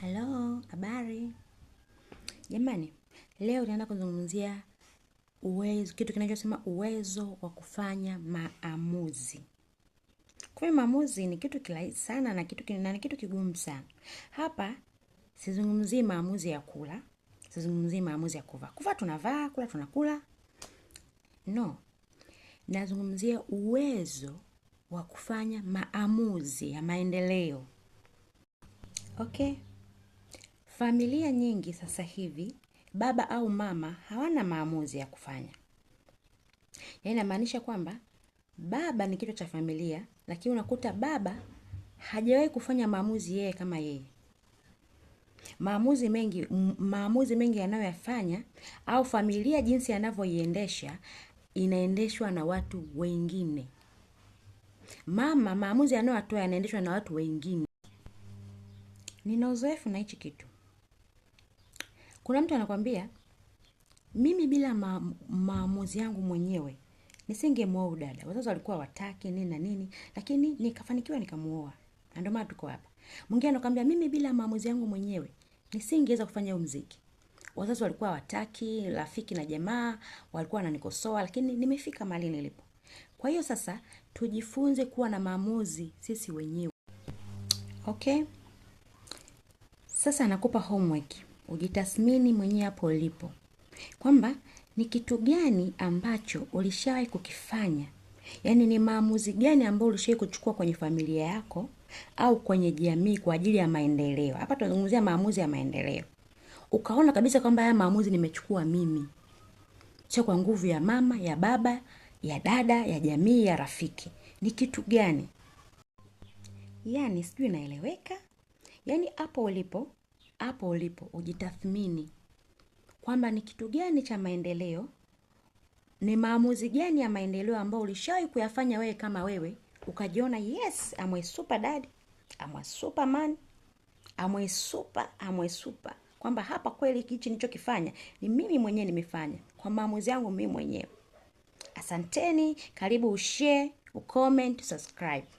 Halo, habari. Jamani, leo naenda kuzungumzia uwezo, kitu kinachosema uwezo wa kufanya maamuzi. Kufanya maamuzi ni kitu kirahisi sana na kitu na kitu kigumu sana. Hapa sizungumzii maamuzi ya kula, sizungumzii maamuzi ya kuvaa. Kuvaa tunavaa, kula tunakula. No. Nazungumzia uwezo wa kufanya maamuzi ya maendeleo. Okay? Familia nyingi sasa hivi baba au mama hawana maamuzi ya kufanya. Yaani inamaanisha kwamba baba ni kichwa cha familia lakini unakuta baba hajawahi kufanya maamuzi yeye kama yeye. Maamuzi mengi maamuzi mengi yanayoyafanya au familia jinsi yanavyoiendesha inaendeshwa na watu wengine. Mama maamuzi anayoyatoa yanaendeshwa na watu wengine. Nina uzoefu na hichi kitu. Kuna mtu anakwambia mimi bila ma, maamuzi yangu mwenyewe nisingemwoa dada, wazazi walikuwa wataki nini na nini, lakini nikafanikiwa nikamuoa, na ndio maana tuko hapa. Mwingine anakwambia mimi bila maamuzi yangu mwenyewe nisingeweza kufanya huu mziki, wazazi walikuwa wataki, rafiki na jamaa walikuwa wananikosoa, lakini nimefika mali nilipo. Kwa hiyo sasa tujifunze kuwa na maamuzi sisi wenyewe, okay? Sasa nakupa homework ujitathmini mwenyewe hapo ulipo kwamba ni kitu gani ambacho ulishawahi kukifanya, yaani ni maamuzi gani ambayo ulishawahi kuchukua kwenye familia yako au kwenye jamii kwa ajili ya maendeleo. Hapa tunazungumzia maamuzi ya maendeleo, ukaona kabisa kwamba haya maamuzi nimechukua mimi, sio kwa nguvu ya mama, ya baba, ya dada, ya jamii, ya rafiki. Ni kitu gani? Yani sijui naeleweka. Yani hapo ulipo hapo ulipo ujitathmini kwamba ni kitu gani cha maendeleo, ni maamuzi gani ya maendeleo ambayo ulishawahi kuyafanya wewe kama wewe ukajiona, yes I'm a super dad, I'm a superman, I'm a super, I'm a super, kwamba hapa kweli hichi nilichokifanya ni mimi mwenyewe nimefanya kwa maamuzi yangu mimi mwenyewe. Asanteni, karibu ushare, ucomment, subscribe.